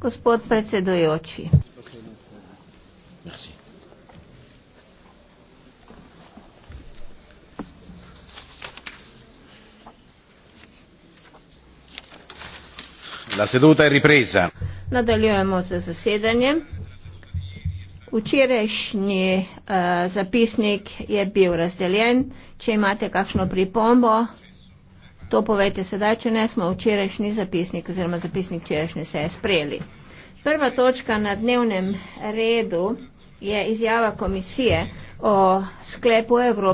Gospod predsedujoči. La seduta è ripresa. Nadaljujemo z zasedanjem. Včerajšnji uh, zapisnik je bil razdeljen. Če imate kakšno pripombo, To povejte sedaj, če ne smo včerajšnji zapisnik oziroma zapisnik včerajšnje seje sprejeli. Prva točka na dnevnem redu je izjava komisije o sklepu Evrope.